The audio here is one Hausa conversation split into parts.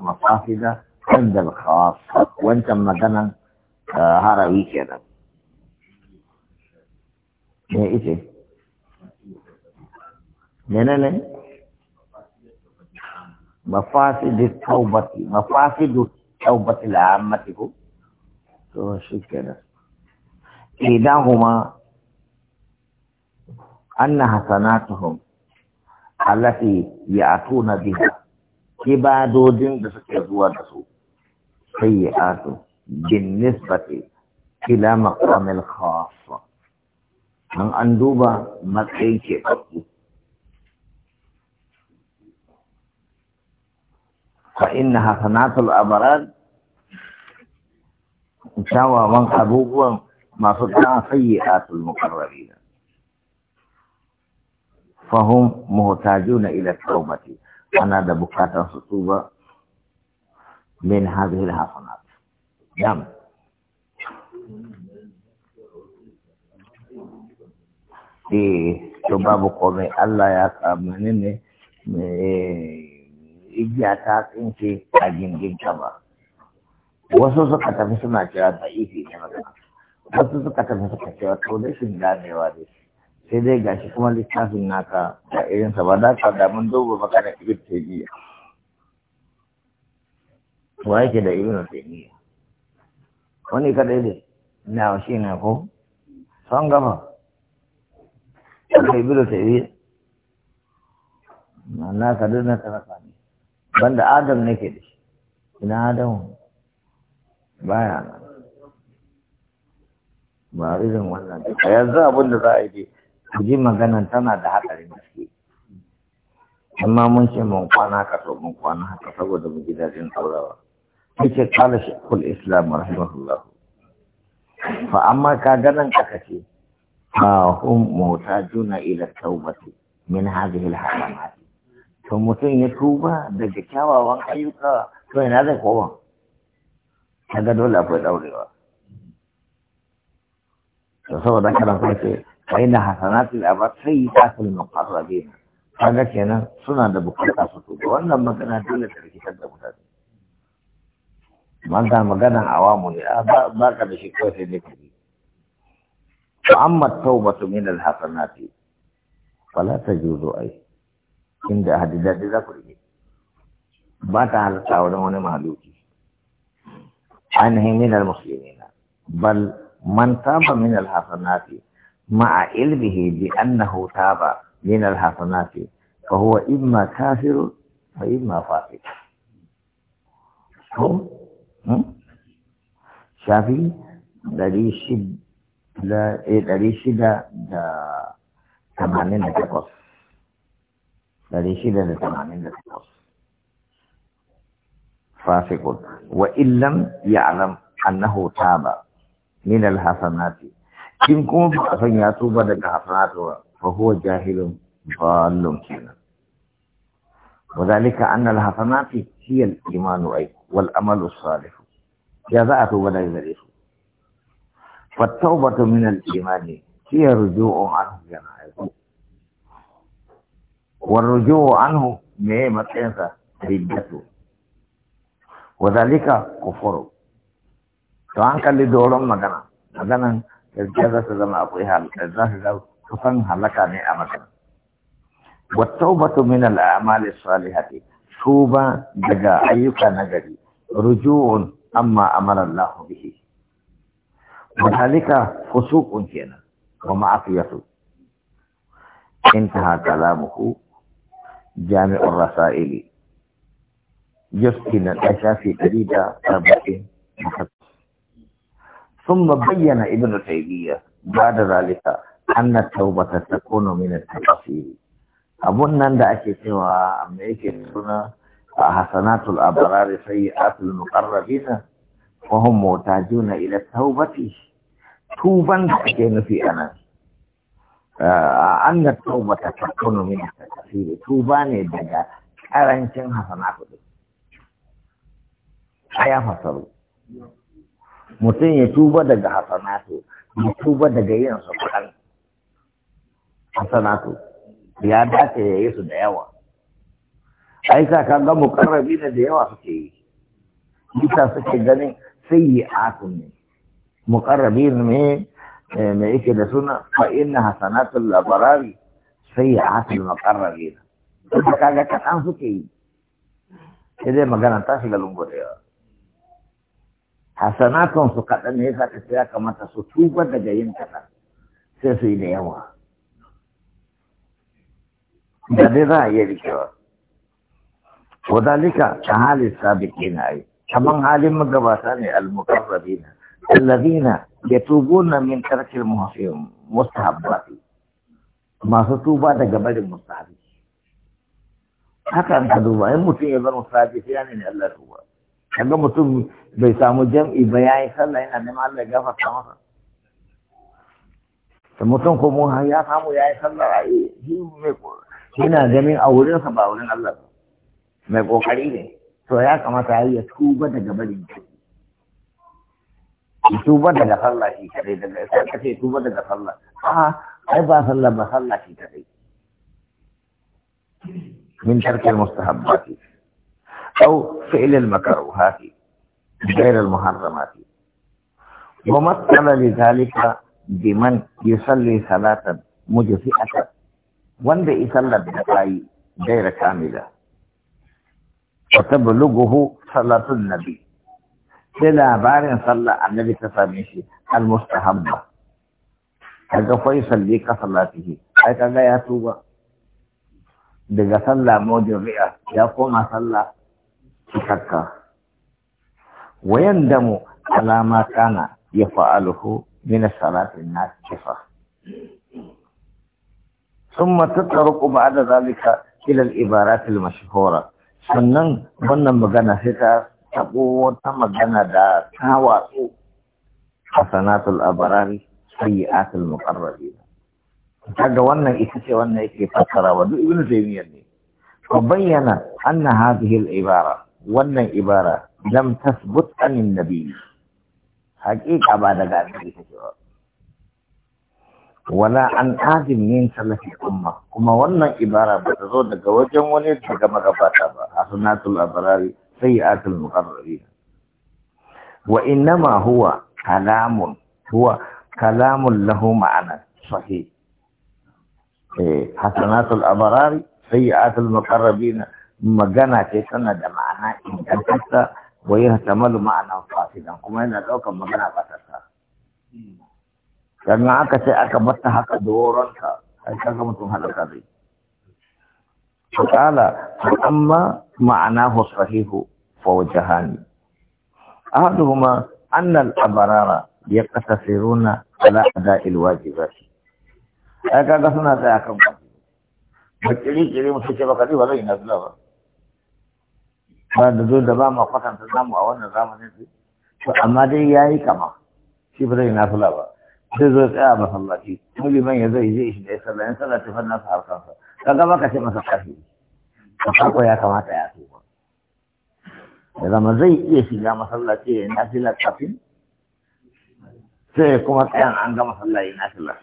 مصافدة عند الخاص وانت مثلا هاروي كذا ايه ايه لنا لن مفاسد التوبة مفاسد التوبة العامة هو توشي كذا كلاهما أن حسناتهم التي يأتون بها ibadodin da suke zuwa da su sayyi'atu bin nisbati ila maqamil khassa an an duba matsayin ke babu fa inna hasanatul abrar kyawawan abubuwan masu kan sayyi'atul muqarrabin fahum muhtajuna ila tawbati ana da bukatar su tuba min hadhihi alhasanat yam eh to babu kome Allah ya samu ne ne igiya ta tsinke a gindin ba wasu suka tafi suna cewa da ifi ne magana wasu suka tafi suka cewa to shi ganewa ne sai dai gashi kuma littafin naka da irinsa ba da ka damun mun duba maka na ibn taymiya wa yake da ibn taymiya wani kadai ne na shi na ko son gama kai ibn taymiya na ka dana taraka ne banda adam nake da shi ina adam baya nan ba irin wannan yanzu abin za a yi ji maganan tana da hatsarin gaske amma mun ce mun kwana ka so mun kwana haka saboda mu gidajen taurawa kala shi kul islam rahimahullah fa amma ka ganan ka kace fa hum mutajuna ila tawbati min hadhihi al to mutum ya tuba daga kyawawan ayyuka to ina zai koma kaga dole akwai daurewa to saboda kana ce فإن حسنات العباد سيئات المقربين kaga kenan suna da bukata su to wannan magana dole ta rikitar da mutane magana magana awamu ne ba ka da shi kai sai ne ku to amma tawbatu min alhasanati fala tajuzu ai inda hadidadi za ku rike ba ta halatta wurin wani mahaluki ainihin min almuslimina bal man taba min hasanati مع علمه بأنه تاب من الحسنات فهو إما كافر وإما فاسق هم شافي dari shida eh dari shida da tamanin da takwas dari shida da tamanin da takwas fasikun wa illam ya'lam annahu taba min alhasanati in kuma ba a san ya tuba daga hasanatu fa huwa jahilun وذلك أن الحسنات هي الإيمان والأمل الصالح جزاء ولا ذريف فالتوبة من الإيمان هي الرجوع عنه جنائه والرجوع عنه ما إنسى ردته وذلك كفر فأنك اللي دورهم مغنى مغنى gaskiya za su zama akwai halaka za su zama kusan halaka ne a maka wattaubatu min al'amali Su ba daga ayyuka na gari ruju'un amma amara Allah bihi wa halika fusuqun kenan wa ma'afiyatu intaha kalamuhu jami'ur rasaili juz'i na shafi 140 ثم بين ابن تيمية بعد ذلك أن التوبة تكون من التفاصيل أبونا عند أكتوى أمريكا حسنات الأبرار سيئات المقربين وهم محتاجون إلى التوبة توبا تكون في أنا أن التوبة تكون من التكفير توبا دجا أرنشن حسنات أيها فصلوا mutum ya tuba daga hasanatu ya tuba daga yin su kan hasanatu ya dace ya yi su da yawa ai sa ka ga mukarrabi ne da yawa suke yi bisa suke ganin sai yi atun ne mukarrabi ne eh, me yake da suna fa inna hasanatul labarari sai ya hasil mukarrabi ne kaga kaɗan suke yi sai dai magana ta shiga lungu da yawa hasanatun su kaɗan ne yasa ka ya kamata su tuba daga yin kaɗan sai su yi da yawa da dai za a iya rikewa dalika ta halin sabiki na yi Kamar halin magabata ne ya allazina na min tarkil mustahabbati masu tuba daga barin mustahabi haka an ka duba in mutum ya zama mustahabi sai ne ne Allah tuba kaga mutum bai samu jam'i ba ya yi sallah yana neman Allah ya gafarta masa da mutum kuma ya samu ya yi sallah a yana ganin a wurinsa ba wurin Allah ba mai kokari ne to ya kamata ya ya tuba daga barin Ya tuba daga sallah shi kadai daga sai ka ce tuba daga sallah a ai ba sallah ba sallah shi kadai min tarkil mustahabbati أو فعل المكروهات غير المحرمات ومثل لذلك بمن يصلي صلاة مجزئة وان دي يصلى الدقائق غير كاملة وتبلغه صلاة النبي سلا بارن صلى النبي تساميشي المستحبة kaga fa yusalli ka sallatihi ai kaga ya tuba daga sallah mujri'a ya koma sallah cikakka wayan damu alama kana ya fa'aluhu min salatin na kifa ثم تترك بعد ذلك إلى العبارات المشهورة sannan wannan magana sai ta tabo ta magana da ta watsu hasanatul abarari sayyi'atul muqarrabin kaga wannan ita ce wannan yake fassara wa duk ibnu zaymiyyah ne ko bayyana anna hadhihi al-ibara wannan ibara lam tasbut anin nabi haƙiƙa ba daga annabi take ba wala an azim min salafi umma kuma wannan ibara ba ta zo daga wajen wani daga magabata ba hasanatul abrari sayyatul muqarrabin wa innama huwa kalamun huwa kalamun lahu ma'ana sahih eh hasanatul abrari sayyatul muqarrabin magana ce tana da ma'ana ingantatta wa ta malu ma'ana fasidan kuma yana ɗaukar magana batarsa sannan aka sai aka bata haka doronta a ga mutum halaka zai kala amma ma'ana sahihu fa wajhani ahaduhuma anna al-abrara yaqtasiruna ala ada'il wajibat ai kaga suna tsaya kan ba kiri kiri suke ba baka ba zai nazila ba ba da zo da ba ma kwatanta zamu a wannan zamanin su to amma dai ya yi kama shi ba zai nafila ba zai zo tsaya a masallaci muliman ya zai je shi da ya sallah in ta fanna sa harkansa ka gaba ka ce masa ka sako ya kamata ya so ba da zama zai iya shiga masallaci ya yi nafila kafin sai kuma tsayan an gama sallah ya yi nafila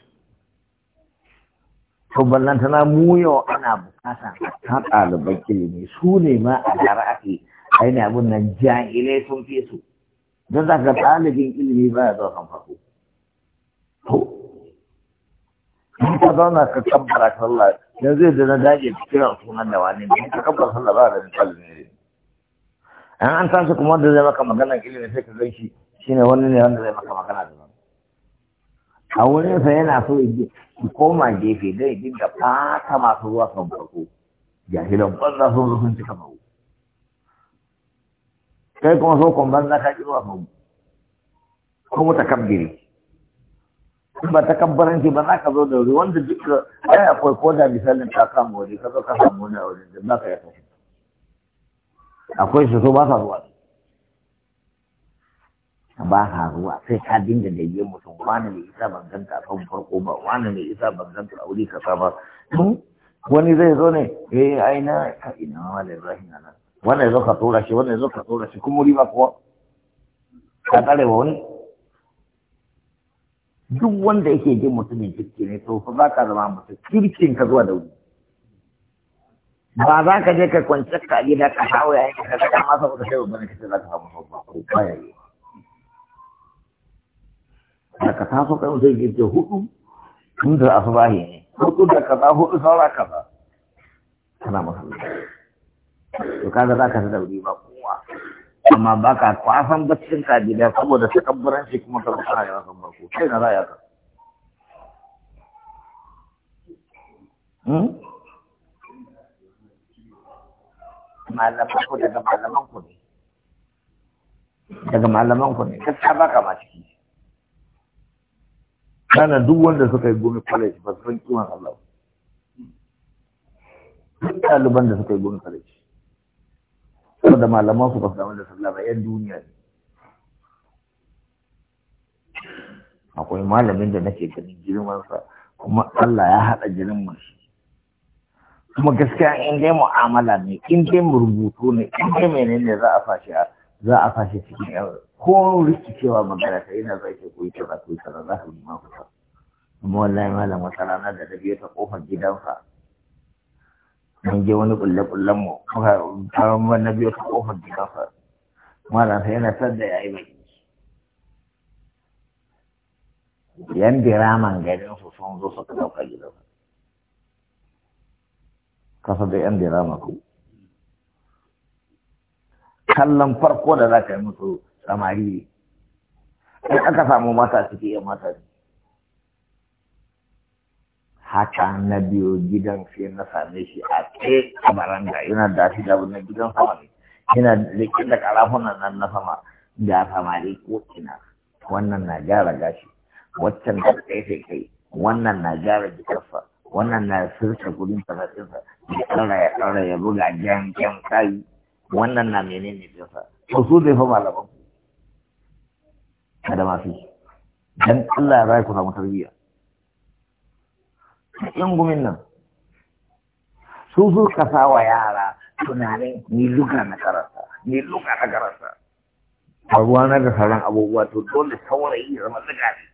to ballantana mu yau ana bukata ta ɗaliban ilimi su ne ma a gara ake aini abin nan jahilai sun fi su don za ka ɗalibin ilimi ba ya zo kan farko to in ka zauna ka kabbara sallah yanzu yadda na dage kira sunan da wani ne ka kabbara sallah ba da misali ne an an su kuma wanda zai maka maganar ilimi sai ka gan shi shine wani ne wanda zai maka magana da a wurinsa yana so ki koma gefe dai dinga fata masu zuwa kan farko jahilan banza sun zo sun cika mawu kai kuma so kun banza ka zuwa kan kuma in ba ta takabbaranci ba za ka zo da wuri wanda duka ai akwai ko da misalin ta kama wuri ka zo ka samu wani a wurin da za ka yi akwai su so ba sa zuwa ba ha ruwa sai ka dinga da yi mutum wani ne isa ban a kan farko ba wani ne isa ban ganta a wuri kasa ba hmm? wani zai zo ne eh aina ka ina da rahim ana wani zo ka tura shi wani zo ka tura shi kuma riba kuwa ka tsare wani duk wanda yake jin mutumin kirki ne to fa ba ka zama mutum kirkin ka zuwa da wuri ba za ka je ka kwance ka gida ka shawo yayin ka ga masa ba ka sai ba ne ka ce za ka samu babba ko baya yi da ka taso kai ke ce hudu tun da asubahi ne hudu da kaza hudu saura kaza kana masallaci to kaga za ka da wuri ba kowa amma ba ka kwasan baccin ka saboda saboda kabbaran shi kuma ta rufa ya san barko sai na za ya ka hmm? malaman ku daga malaman ku ne daga malaman ku ne gaskiya ba ka ma ciki kana duk wanda suka yi gumi college ba su san kiman Allah duk ɗaliban da suka yi gumi college saboda malaman su ba su damar da sallah ba yan duniya ne akwai malamin da nake ganin girmansa kuma Allah ya haɗa jinin mu kuma gaskiya in dai mu'amala ne in dai mu rubutu ne in dai menene za a fashi za a fashi cikin ko rikicewa magana ta yana zai ke kuyi kaza kuyi kaza za ka ma kusa amma wallahi malam wata rana da ta biyo ta kofar gidansa mun je wani kulle kullen mu muka kawo na biyo ta kofar gidansa malam sai yana san da yayi mai yan diraman garin su sun zo suka dauka gidansa kasa da yan dirama ku kallon farko da za ka yi musu samari ne in aka samu mata suke yan mata ne haka na biyo gidan sai na same shi a ke a baranga, yana da shi da wannan gidan sama ne yana riƙe da karafunan nan na sama da samari ko ina wannan na gyara gashi waccan da tsaye kai wannan na gyara jikarsa wannan na sirka gudun tafasirsa ya ɗaura ya ɗaura ya buga jan jan kai wannan na menene ne to su zai fa malaman kada ma fi dan Allah ya ku samu tarbiyya yan gumin nan su su kasa wa yara tunanin ni luka na karasa ni luka na karasa a na da sauran abubuwa to dole saurayi zama luga ne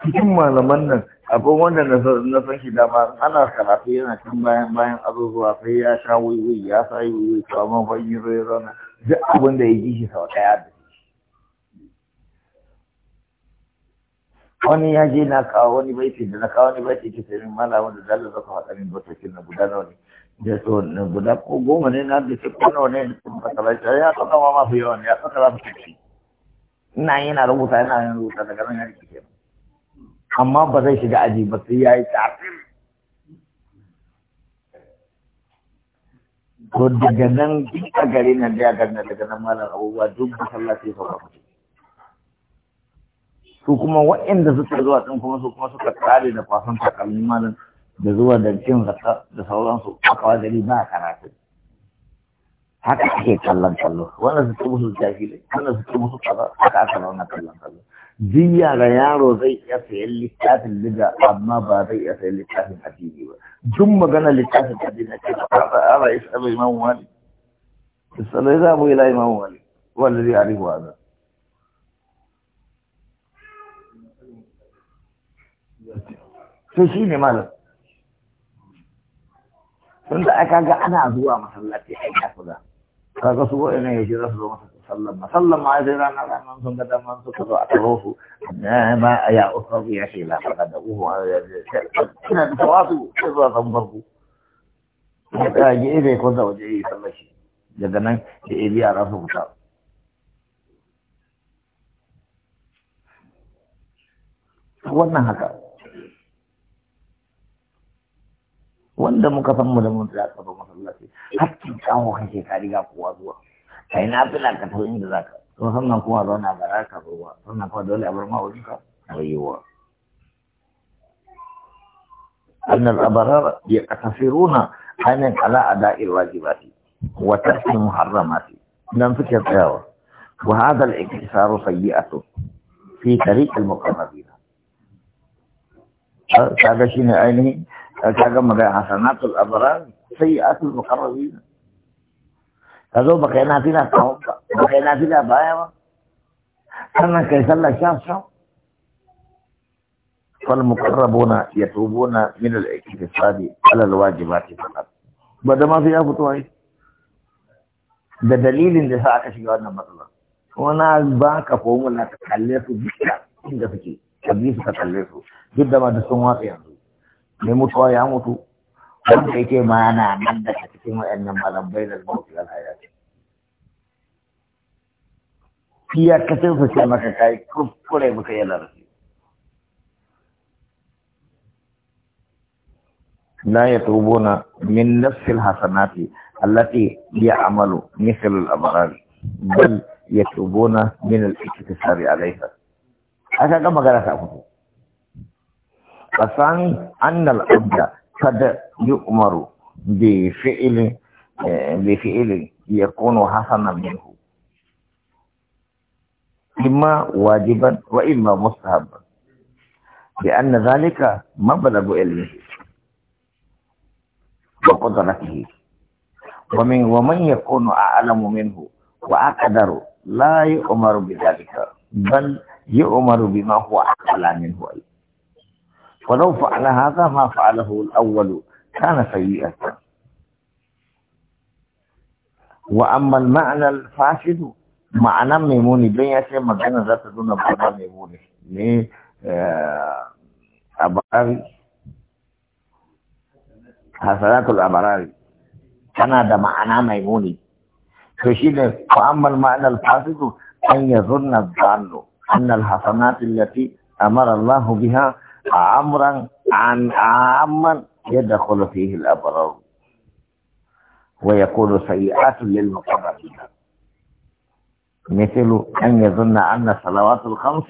cikin malaman nan akwai wanda na san shi dama ana karatu yana can bayan bayan abubuwa sai ya sha wiwi ya sa wiwi to amma ban yi zai zauna duk abin da ya ji shi sau ɗaya da shi wani ya je na kawo wani baiti da na kawo wani baiti ke sai min malamin da zalar zaka faɗa min baitocin na guda nawa ne da so na guda ko goma ne na da shi ko nawa ne da masallaci ya tsaka ma mafi yawa ne ya tsaka za mu tafi ina yi na rubuta ina yin rubuta daga nan ya rikice amma ba zai shiga aji ba sai ya yi tafiya to daga nan duk a gari nan da ya gana daga nan malam abubuwa duk masallaci su ba su kuma wa'inda suka zuwa ɗin kuma su kuma suka tsare da kwasan takalmi malam da zuwa da cin zaka da sauransu a kawai gari ba karatu haka ake kallon kallo wanda su ci musu jahilai wanda su ci musu kaza haka aka zauna kallon kallo duk yara yaro zai iya sayan littafin liga amma ba zai iya sayan littafin addini ba duk magana littafin ta dina ce ala isa abai imamu da salai za mu ila imamu wani wanda zai arihu a zan to shi ne malam sun da aka ga ana zuwa masallaci a yi kaga su wa'ina ya za su zo masallaci sallama sallama ai sai ranar ranar sun ga daman suka zo a taro su na ma ya uku ya ce la faɗa da uhu a ina da tawasu sai zuwa san farko ya kage zai ko da waje yi sallashi daga nan ya ebi a rasu fita wannan haka wanda muka san mu da mun tsaya tsaro masallaci hakkin kawo kan shekari ga kowa zuwa kai أن الأبرار يقتصرون عن على أداء الواجبات وترك المحرمات لم فكر تهوى وهذا الاقتصار سيئة في طريق المقربين هذا شيء عينه حسنات الأبرار سيئة المقربين ka zo baka yi nafila kawon ba baka yi nafila baya ba sannan kai sallar sha sha fal muqarrabuna bona min al-iktisadi ala al-wajibati faqat ba da ma ya fito ai da dalilin da sa aka shiga wannan matsala wani ba ka fomula ka kalle su duka inda suke ka bi su ka kalle su duk da ma da sun watsa yanzu mai mutuwa ya mutu wanda yake ma na nan daga cikin waɗannan malambai da mawuti wal hayati iya kacin su ce maka kai kuskure muka yi larfi لا يطلبون من نفس الحسنات التي يعمل مثل الأبرار بل يطلبون من الاقتصار عليها هذا كما قالت أخوته فسان أن العبد قد يؤمر بفعل بفعل يكون حسنا منه إما واجبا وإما مستحبا لأن ذلك مبلغ علمه وقدرته ومن ومن يكون أعلم منه وأقدر لا يؤمر بذلك بل يؤمر بما هو أعلى منه أيضا ولو فعل هذا ما فعله الأول كان سيئة وأما المعنى الفاسد معنى ميموني بين يسي مجانا ذات دون بابا ميموني ليه آه، أبراري حسنات الأبراري كان هذا معنى ميموني فشيل فأما المعنى الفاسد أن يظن الظن أن الحسنات التي أمر الله بها امرا عن عاما يدخل فيه الأبرار ويكون سيئات للمقربين مثل أن يظن أن الصلوات الخمس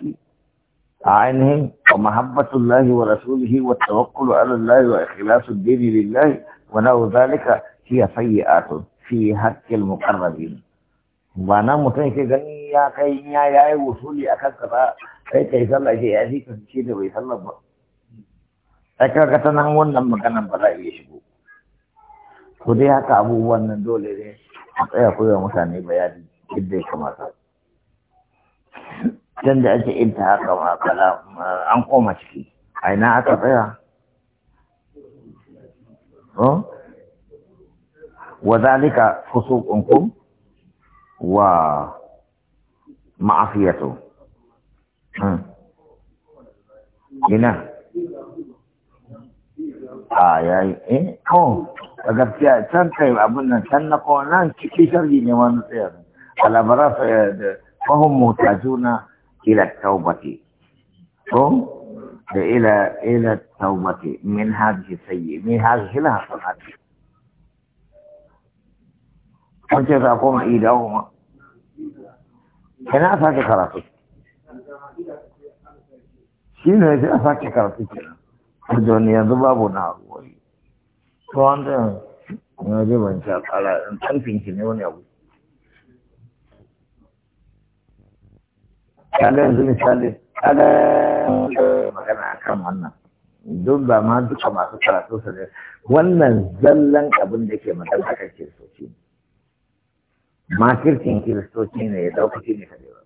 عنهم ومحبة الله ورسوله والتوكل على الله وإخلاص الدين لله ونحو ذلك هي سيئات في حق المقربين وانا متن يا gani يا kai وصولي اكثر wusuli akan kaza sai kai sallah Aka kata nan wannan maganan ba za a iya shigo ko dai haka abubuwan nan dole ne a tsaya koyawa mutane bayani yadda ya kamata can da ake inta haka kala an koma ciki a ina aka tsaya wa zalika fusuqunkum wa ma'afiyatu hmm. ina فهم محتاجون الى التوبه الى الى التوبه من هذه السيئه من هذه الحسنات كنت اقوم ايدهما كان افاتك راسك شنو افاتك راسك Doni yanzu babu na haƙori. To wanda ya je ban sha ƙara in ki ne wani abu. Kaga magana wannan. Duk Wannan zallan abin da ke magana kan kiristoci ne. kiristoci ne ya